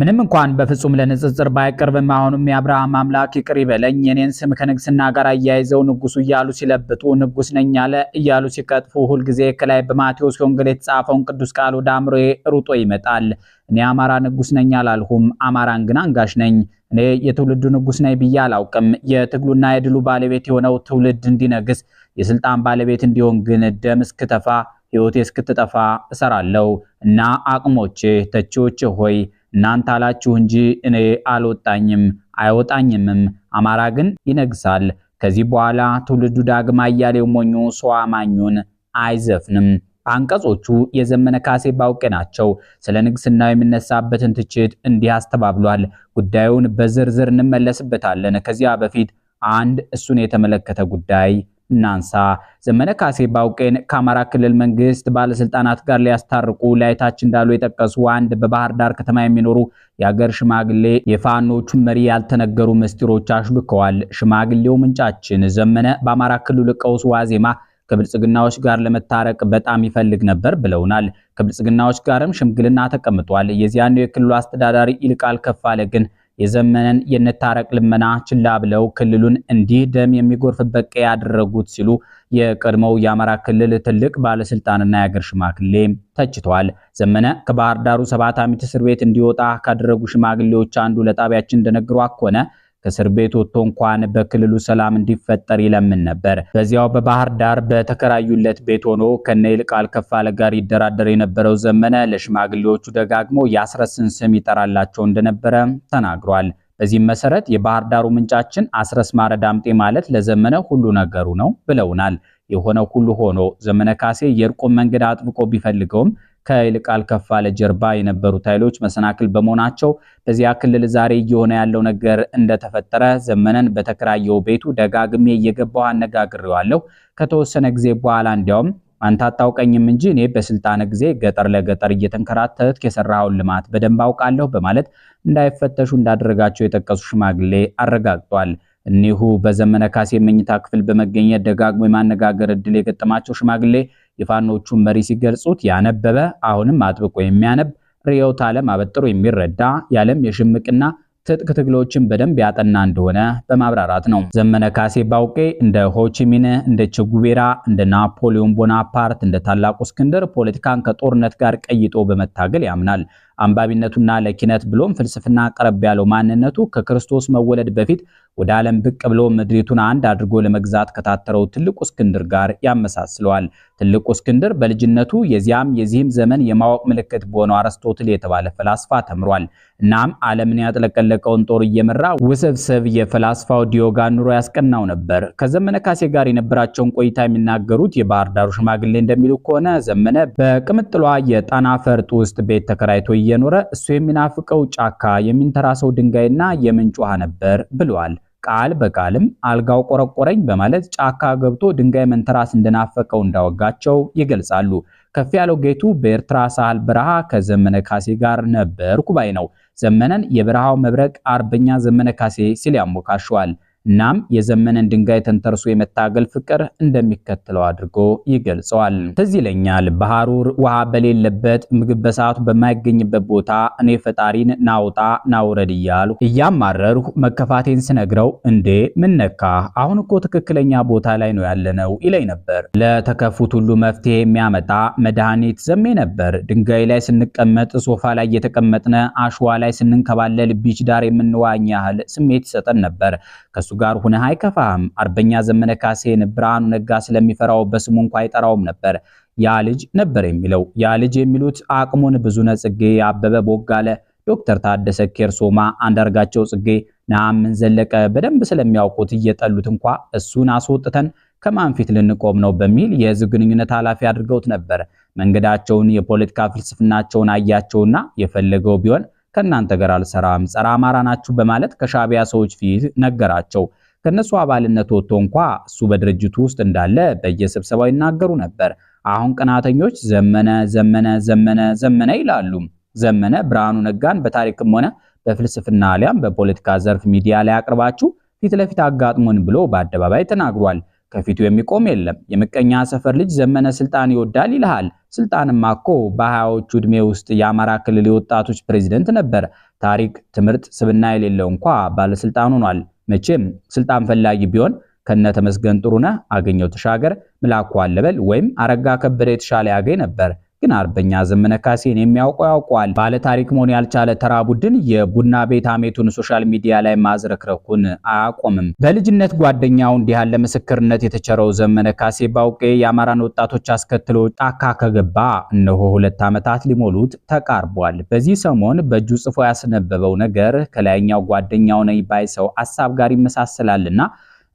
ምንም እንኳን በፍጹም ለንጽጽር ባይቀርብም አሁንም የአብርሃም አምላክ ይቅር ይበለኝ የኔን ስም ከንግስና ጋር አያይዘው ንጉሱ እያሉ ሲለብጡ ንጉስ ነኝ አለ እያሉ ሲቀጥፉ ሁልጊዜ ከላይ በማቴዎስ ወንጌል የተጻፈውን ቅዱስ ቃል ወደ አእምሮዬ ሩጦ ይመጣል። እኔ አማራ ንጉስ ነኝ አላልሁም። አማራን ግን አንጋሽ ነኝ። እኔ የትውልዱ ንጉስ ነኝ ብዬ አላውቅም። የትግሉና የድሉ ባለቤት የሆነው ትውልድ እንዲነግስ፣ የስልጣን ባለቤት እንዲሆን ግን ደም እስክተፋ ህይወቴ እስክትጠፋ እሰራለሁ እና አቅሞቼ ተቺዎች ሆይ እናንተ አላችሁ እንጂ እኔ አልወጣኝም አይወጣኝምም። አማራ ግን ይነግሳል። ከዚህ በኋላ ትውልዱ ዳግማ አያሌው ሞኙ ሰው አማኙን አይዘፍንም። አንቀጾቹ የዘመነ ካሴ ባውቄ ናቸው። ስለ ንግስና የሚነሳበትን ትችት እንዲህ አስተባብሏል። ጉዳዩን በዝርዝር እንመለስበታለን። ከዚያ በፊት አንድ እሱን የተመለከተ ጉዳይ እናንሳ። ዘመነ ካሴ ባውቄን ከአማራ ክልል መንግስት ባለስልጣናት ጋር ሊያስታርቁ ላይታች እንዳሉ የጠቀሱ አንድ በባህር ዳር ከተማ የሚኖሩ የአገር ሽማግሌ የፋኖቹን መሪ ያልተነገሩ ምስጢሮች አሽብከዋል። ሽማግሌው ምንጫችን ዘመነ በአማራ ክልል ቀውስ ዋዜማ ከብልጽግናዎች ጋር ለመታረቅ በጣም ይፈልግ ነበር ብለውናል። ከብልጽግናዎች ጋርም ሽምግልና ተቀምጧል። የዚያኑ የክልሉ አስተዳዳሪ ይልቃል ከፋለ ግን የዘመነን የነታረቅ ልመና ችላ ብለው ክልሉን እንዲህ ደም የሚጎርፍበት ቀይ ያደረጉት ሲሉ የቀድሞው የአማራ ክልል ትልቅ ባለስልጣንና የአገር ሽማግሌ ተችተዋል። ዘመነ ከባህር ዳሩ ሰባት ዓመት እስር ቤት እንዲወጣ ካደረጉ ሽማግሌዎች አንዱ ለጣቢያችን እንደነገሩ ከሆነ ከእስር ቤት ወጥቶ እንኳን በክልሉ ሰላም እንዲፈጠር ይለምን ነበር። በዚያው በባህር ዳር በተከራዩለት ቤት ሆኖ ከነ ይልቃል ከፋለ ጋር ይደራደር የነበረው ዘመነ ለሽማግሌዎቹ ደጋግሞ የአስረስን ስም ይጠራላቸው እንደነበረ ተናግሯል። በዚህም መሰረት የባህር ዳሩ ምንጫችን አስረስ ማረ ዳምጤ ማለት ለዘመነ ሁሉ ነገሩ ነው ብለውናል። የሆነ ሁሉ ሆኖ ዘመነ ካሴ የእርቁን መንገድ አጥብቆ ቢፈልገውም ከይልቃል ከፋለ ጀርባ የነበሩት ኃይሎች መሰናክል በመሆናቸው በዚያ ክልል ዛሬ እየሆነ ያለው ነገር እንደተፈጠረ ዘመነን በተከራየው ቤቱ ደጋግሜ እየገባው አነጋግሬዋለሁ። ከተወሰነ ጊዜ በኋላ እንዲያውም አንተ አታውቀኝም እንጂ እኔ በስልጣን ጊዜ ገጠር ለገጠር እየተንከራተትክ የሰራውን ልማት በደንብ አውቃለሁ በማለት እንዳይፈተሹ እንዳደረጋቸው የጠቀሱ ሽማግሌ አረጋግጧል። እኒሁ በዘመነ ካሴ መኝታ ክፍል በመገኘት ደጋግሞ የማነጋገር እድል የገጠማቸው ሽማግሌ የፋኖቹ መሪ ሲገልጹት ያነበበ አሁንም አጥብቆ የሚያነብ ርዕዮተ ዓለም አበጥሮ የሚረዳ የዓለም የሽምቅና ትጥቅ ትግሎችን በደንብ ያጠና እንደሆነ በማብራራት ነው። ዘመነ ካሴ ባውቄ እንደ ሆቺሚን፣ እንደ ቸጉቤራ፣ እንደ ናፖሊዮን ቦናፓርት፣ እንደ ታላቁ እስክንድር ፖለቲካን ከጦርነት ጋር ቀይጦ በመታገል ያምናል። አንባቢነቱና ለኪነት ብሎም ፍልስፍና ቀረብ ያለው ማንነቱ ከክርስቶስ መወለድ በፊት ወደ ዓለም ብቅ ብሎ ምድሪቱን አንድ አድርጎ ለመግዛት ከታተረው ትልቁ እስክንድር ጋር ያመሳስለዋል። ትልቁ እስክንድር በልጅነቱ የዚያም የዚህም ዘመን የማወቅ ምልክት በሆነው አርስቶትል የተባለ ፈላስፋ ተምሯል። እናም ዓለምን ያጥለቀለቀውን ጦር እየመራ ውስብስብ የፈላስፋው ዲዮጋን ኑሮ ያስቀናው ነበር። ከዘመነ ካሴ ጋር የነበራቸውን ቆይታ የሚናገሩት የባህር ዳሩ ሽማግሌ እንደሚሉ ከሆነ ዘመነ በቅምጥሏ የጣና ፈርጥ ውስጥ ቤት ተከራይቶ እየኖረ እሱ የሚናፍቀው ጫካ የሚንተራሰው ድንጋይና የምንጭ ውሃ ነበር ብለዋል። ቃል በቃልም አልጋው ቆረቆረኝ በማለት ጫካ ገብቶ ድንጋይ መንተራስ እንደናፈቀው እንዳወጋቸው ይገልጻሉ። ከፍ ያለው ጌቱ በኤርትራ ሳህል በረሃ ከዘመነ ካሴ ጋር ነበር ኩባይ ነው። ዘመነን የበረሃው መብረቅ አርበኛ ዘመነ ካሴ ሲል ያሞካሸዋል። እናም የዘመነን ድንጋይ ተንተርሶ የመታገል ፍቅር እንደሚከተለው አድርጎ ይገልጸዋል። ትዝ ይለኛል በሐሩር ውሃ በሌለበት ምግብ በሰዓቱ በማይገኝበት ቦታ እኔ ፈጣሪን ናውጣ ናውረድ እያልሁ እያማረርሁ መከፋቴን ስነግረው እንዴ ምነካ አሁን እኮ ትክክለኛ ቦታ ላይ ነው ያለነው ይለኝ ነበር። ለተከፉት ሁሉ መፍትሄ የሚያመጣ መድኃኒት ዘሜ ነበር። ድንጋይ ላይ ስንቀመጥ፣ ሶፋ ላይ እየተቀመጥነ፣ አሸዋ ላይ ስንንከባለል፣ ቢች ዳር የምንዋኝ ያህል ስሜት ይሰጠን ነበር። ጋር ሁነህ አይከፋህም። አርበኛ ዘመነ ካሴን ብርሃኑ ነጋ ስለሚፈራው በስሙ እንኳ አይጠራውም ነበር። ያ ልጅ ነበር የሚለው። ያ ልጅ የሚሉት አቅሙን ብዙነ ጽጌ፣ አበበ ቦጋለ፣ ዶክተር ታደሰ ኬርሶማ፣ አንዳርጋቸው ጽጌ፣ ነአምን ዘለቀ በደንብ ስለሚያውቁት እየጠሉት እንኳ እሱን አስወጥተን ከማን ፊት ልንቆም ነው በሚል የህዝብ ግንኙነት ኃላፊ አድርገውት ነበር። መንገዳቸውን የፖለቲካ ፍልስፍናቸውን አያቸውና የፈለገው ቢሆን ከእናንተ ጋር አልሰራም፣ ጸረ አማራ ናችሁ በማለት ከሻቢያ ሰዎች ፊት ነገራቸው። ከነሱ አባልነት ወጥቶ እንኳ እሱ በድርጅቱ ውስጥ እንዳለ በየስብሰባው ይናገሩ ነበር። አሁን ቀናተኞች ዘመነ ዘመነ ዘመነ ዘመነ ይላሉ። ዘመነ ብርሃኑ ነጋን በታሪክም ሆነ በፍልስፍና አሊያም በፖለቲካ ዘርፍ ሚዲያ ላይ አቅርባችሁ ፊት ለፊት አጋጥሞን ብሎ በአደባባይ ተናግሯል። ከፊቱ የሚቆም የለም። የምቀኛ ሰፈር ልጅ ዘመነ ስልጣን ይወዳል ይልሃል። ስልጣንማ እኮ በሀያዎቹ ዕድሜ ውስጥ የአማራ ክልል የወጣቶች ፕሬዚደንት ነበር። ታሪክ፣ ትምህርት፣ ስብና የሌለው እንኳ ባለስልጣን ሆኗል። መቼም ስልጣን ፈላጊ ቢሆን ከነ ተመስገን ጥሩነህ፣ አገኘው ተሻገር፣ ምላኩ አለበል ወይም አረጋ ከበደ የተሻለ ያገኝ ነበር። ግን አርበኛ ዘመነ ካሴን የሚያውቀው ያውቀዋል። ባለ ታሪክ መሆን ያልቻለ ተራ ቡድን የቡና ቤት አሜቱን ሶሻል ሚዲያ ላይ ማዝረክረኩን አያቆምም። በልጅነት ጓደኛው እንዲህ ያለ ምስክርነት የተቸረው ዘመነ ካሴ ባውቄ የአማራን ወጣቶች አስከትሎ ጫካ ከገባ እነሆ ሁለት ዓመታት ሊሞሉት ተቃርቧል። በዚህ ሰሞን በእጁ ጽፎ ያስነበበው ነገር ከላይኛው ጓደኛው ነኝ ባይ ሰው አሳብ ጋር ይመሳሰላልና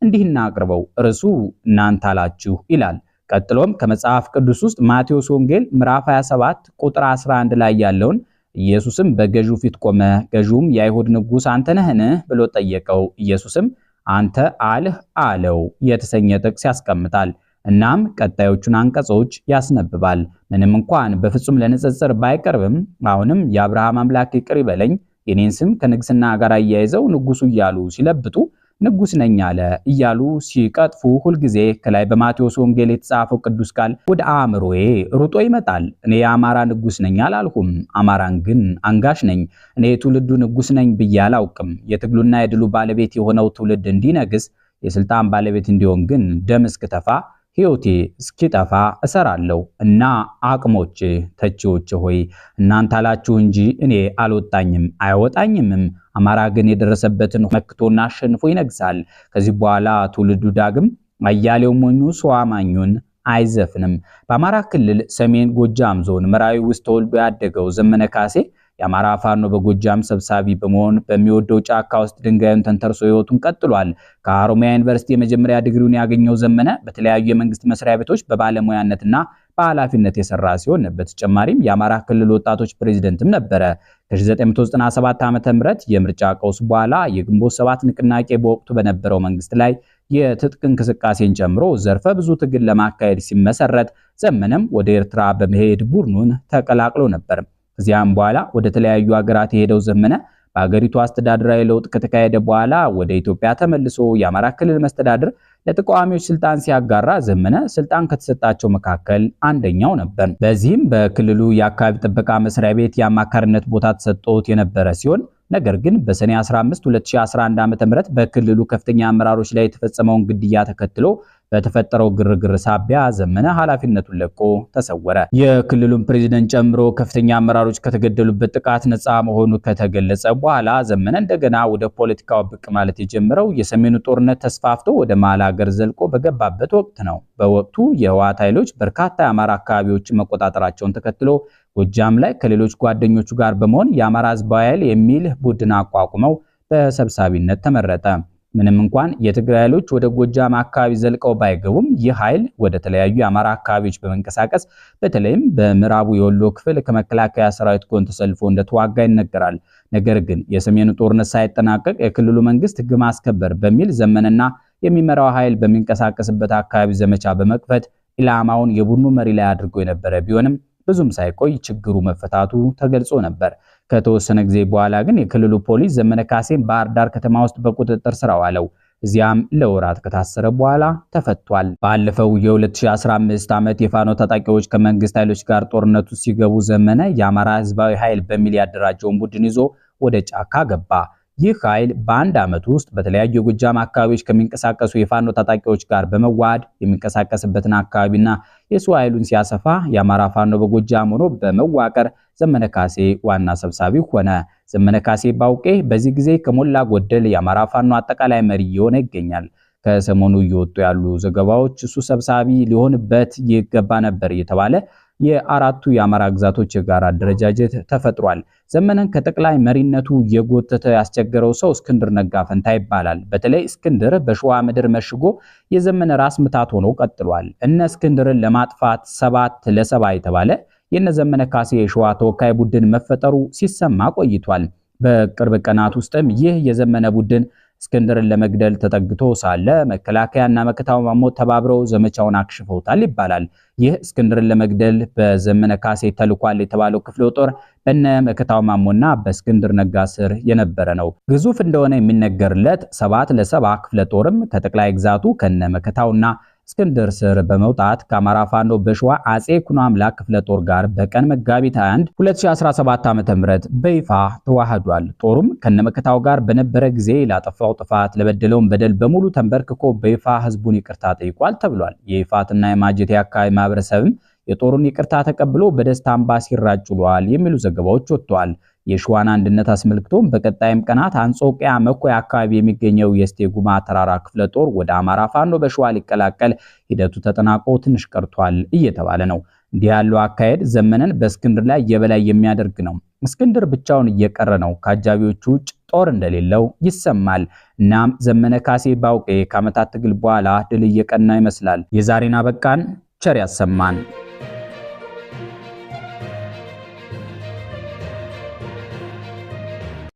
እንዲህ አቅርበው እርሱ እናንተ አላችሁ ይላል። ቀጥሎም ከመጽሐፍ ቅዱስ ውስጥ ማቴዎስ ወንጌል ምዕራፍ 27 ቁጥር 11 ላይ ያለውን ኢየሱስም በገዢው ፊት ቆመ፣ ገዢውም የአይሁድ ንጉሥ አንተ ነህን ብሎ ጠየቀው። ኢየሱስም አንተ አልህ አለው የተሰኘ ጥቅስ ያስቀምጣል። እናም ቀጣዮቹን አንቀጾች ያስነብባል። ምንም እንኳን በፍጹም ለንጽጽር ባይቀርብም አሁንም የአብርሃም አምላክ ይቅር ይበለኝ የኔን ስም ከንግስና ጋር አያይዘው ንጉሱ እያሉ ሲለብጡ ንጉስ ነኝ አለ እያሉ ሲቀጥፉ ሁልጊዜ ከላይ በማቴዎስ ወንጌል የተጻፈው ቅዱስ ቃል ወደ አእምሮዬ ሩጦ ይመጣል። እኔ የአማራ ንጉስ ነኝ አላልሁም። አማራን ግን አንጋሽ ነኝ። እኔ የትውልዱ ንጉስ ነኝ ብዬ አላውቅም። የትግሉና የድሉ ባለቤት የሆነው ትውልድ እንዲነግስ፣ የስልጣን ባለቤት እንዲሆን ግን ደም እስክተፋ ሕይወቴ እስኪጠፋ እሰራለሁ እና አቅሞቼ ተቺዎች ሆይ እናንተ አላችሁ እንጂ እኔ አልወጣኝም አይወጣኝምም አማራ ግን የደረሰበትን መክቶና አሸንፎ ይነግሳል። ከዚህ በኋላ ትውልዱ ዳግም አያሌው ሞኙ ሰው አማኙን አይዘፍንም። በአማራ ክልል ሰሜን ጎጃም ዞን መራዊ ውስጥ ተወልዶ ያደገው ዘመነ ካሴ የአማራ ፋኖ በጎጃም ሰብሳቢ በመሆን በሚወደው ጫካ ውስጥ ድንጋዩን ተንተርሶ ህይወቱን ቀጥሏል። ከአሮሚያ ዩኒቨርሲቲ የመጀመሪያ ዲግሪውን ያገኘው ዘመነ በተለያዩ የመንግስት መስሪያ ቤቶች በባለሙያነትና በኃላፊነት የሰራ ሲሆን በተጨማሪም የአማራ ክልል ወጣቶች ፕሬዚደንትም ነበረ። ከ1997 ዓ ም የምርጫ ቀውስ በኋላ የግንቦት ሰባት ንቅናቄ በወቅቱ በነበረው መንግስት ላይ የትጥቅ እንቅስቃሴን ጨምሮ ዘርፈ ብዙ ትግል ለማካሄድ ሲመሰረት ዘመነም ወደ ኤርትራ በመሄድ ቡድኑን ተቀላቅሎ ነበር። ከዚያም በኋላ ወደ ተለያዩ ሀገራት የሄደው ዘመነ በሀገሪቱ አስተዳደራዊ ለውጥ ከተካሄደ በኋላ ወደ ኢትዮጵያ ተመልሶ የአማራ ክልል መስተዳድር ለተቃዋሚዎች ስልጣን ሲያጋራ ዘመነ ስልጣን ከተሰጣቸው መካከል አንደኛው ነበር። በዚህም በክልሉ የአካባቢ ጥበቃ መስሪያ ቤት የአማካሪነት ቦታ ተሰጥቶት የነበረ ሲሆን ነገር ግን በሰኔ 15 2011 ዓ.ም በክልሉ ከፍተኛ አመራሮች ላይ የተፈጸመውን ግድያ ተከትሎ በተፈጠረው ግርግር ሳቢያ ዘመነ ኃላፊነቱን ለቆ ተሰወረ። የክልሉን ፕሬዚደንት ጨምሮ ከፍተኛ አመራሮች ከተገደሉበት ጥቃት ነፃ መሆኑ ከተገለጸ በኋላ ዘመነ እንደገና ወደ ፖለቲካው ብቅ ማለት የጀመረው የሰሜኑ ጦርነት ተስፋፍቶ ወደ መሃል ሀገር ዘልቆ በገባበት ወቅት ነው። በወቅቱ የህወሓት ኃይሎች በርካታ የአማራ አካባቢዎችን መቆጣጠራቸውን ተከትሎ ጎጃም ላይ ከሌሎች ጓደኞቹ ጋር በመሆን የአማራ ህዝባዊ ኃይል የሚል ቡድን አቋቁመው በሰብሳቢነት ተመረጠ። ምንም እንኳን የትግራይ ኃይሎች ወደ ጎጃም አካባቢ ዘልቀው ባይገቡም ይህ ኃይል ወደ ተለያዩ የአማራ አካባቢዎች በመንቀሳቀስ በተለይም በምዕራቡ የወሎ ክፍል ከመከላከያ ሰራዊት ጎን ተሰልፎ እንደተዋጋ ይነገራል። ነገር ግን የሰሜኑ ጦርነት ሳይጠናቀቅ የክልሉ መንግስት ሕግ ማስከበር በሚል ዘመንና የሚመራው ኃይል በሚንቀሳቀስበት አካባቢ ዘመቻ በመክፈት ኢላማውን የቡድኑ መሪ ላይ አድርጎ የነበረ ቢሆንም ብዙም ሳይቆይ ችግሩ መፈታቱ ተገልጾ ነበር። ከተወሰነ ጊዜ በኋላ ግን የክልሉ ፖሊስ ዘመነ ካሴን ባህር ዳር ከተማ ውስጥ በቁጥጥር ስር አዋለው። እዚያም ለወራት ከታሰረ በኋላ ተፈቷል። ባለፈው የ2015 ዓመት የፋኖ ታጣቂዎች ከመንግስት ኃይሎች ጋር ጦርነቱ ሲገቡ ዘመነ የአማራ ህዝባዊ ኃይል በሚል ያደራጀውን ቡድን ይዞ ወደ ጫካ ገባ። ይህ ኃይል በአንድ ዓመት ውስጥ በተለያዩ የጎጃም አካባቢዎች ከሚንቀሳቀሱ የፋኖ ታጣቂዎች ጋር በመዋሃድ የሚንቀሳቀስበትን አካባቢና የሰው ኃይሉን ሲያሰፋ የአማራ ፋኖ በጎጃም ሆኖ በመዋቀር ዘመነ ካሴ ዋና ሰብሳቢ ሆነ። ዘመነ ካሴ ባውቄ በዚህ ጊዜ ከሞላ ጎደል የአማራ ፋኖ አጠቃላይ መሪ እየሆነ ይገኛል። ከሰሞኑ እየወጡ ያሉ ዘገባዎች እሱ ሰብሳቢ ሊሆንበት ይገባ ነበር እየተባለ የአራቱ የአማራ ግዛቶች የጋራ አደረጃጀት ተፈጥሯል። ዘመነን ከጠቅላይ መሪነቱ የጎተተ ያስቸገረው ሰው እስክንድር ነጋ ፈንታ ይባላል። በተለይ እስክንድር በሸዋ ምድር መሽጎ የዘመነ ራስ ምታት ሆኖ ቀጥሏል። እነ እስክንድርን ለማጥፋት ሰባት ለሰባ የተባለ የነዘመነ ካሴ የሸዋ ተወካይ ቡድን መፈጠሩ ሲሰማ ቆይቷል። በቅርብ ቀናት ውስጥም ይህ የዘመነ ቡድን እስክንድርን ለመግደል ተጠግቶ ሳለ መከላከያና መከታው ማሞ ተባብረው ዘመቻውን አክሽፈውታል ይባላል። ይህ እስክንድርን ለመግደል በዘመነ ካሴ ተልኳል የተባለው ክፍለ ጦር በነ መከታው ማሞና በእስክንድር ነጋ ስር የነበረ ነው። ግዙፍ እንደሆነ የሚነገርለት ሰባት ለሰባ ክፍለ ጦርም ከጠቅላይ ግዛቱ ከነ መከታውና እስክንድር ስር በመውጣት ከአማራ ፋኖ በሸዋ አጼ ኩኖ አምላክ ክፍለ ጦር ጋር በቀን መጋቢት 21 2017 ዓ.ም በይፋ ተዋህዷል። ጦሩም ከነመከታው ጋር በነበረ ጊዜ ላጠፋው ጥፋት ለበደለውን በደል በሙሉ ተንበርክኮ በይፋ ህዝቡን ይቅርታ ጠይቋል ተብሏል። የይፋትና የማጀቴ አካባቢ ማህበረሰብም የጦሩን ይቅርታ ተቀብሎ በደስታ አምባ ሲራጭ ውሏል የሚሉ ዘገባዎች ወጥተዋል። የሸዋን አንድነት አስመልክቶም በቀጣይም ቀናት አንጾቂያ መኮያ አካባቢ የሚገኘው የስቴ ጉማ ተራራ ክፍለ ጦር ወደ አማራ ፋኖ በሸዋ ሊቀላቀል ሂደቱ ተጠናቆ ትንሽ ቀርቷል እየተባለ ነው። እንዲህ ያለው አካሄድ ዘመንን በእስክንድር ላይ የበላይ የሚያደርግ ነው። እስክንድር ብቻውን እየቀረ ነው። ከአጃቢዎቹ ውጭ ጦር እንደሌለው ይሰማል። እናም ዘመነ ካሴ ባውቄ ከዓመታት ትግል በኋላ ድል እየቀና ይመስላል። የዛሬን አበቃን። ቸር ያሰማን።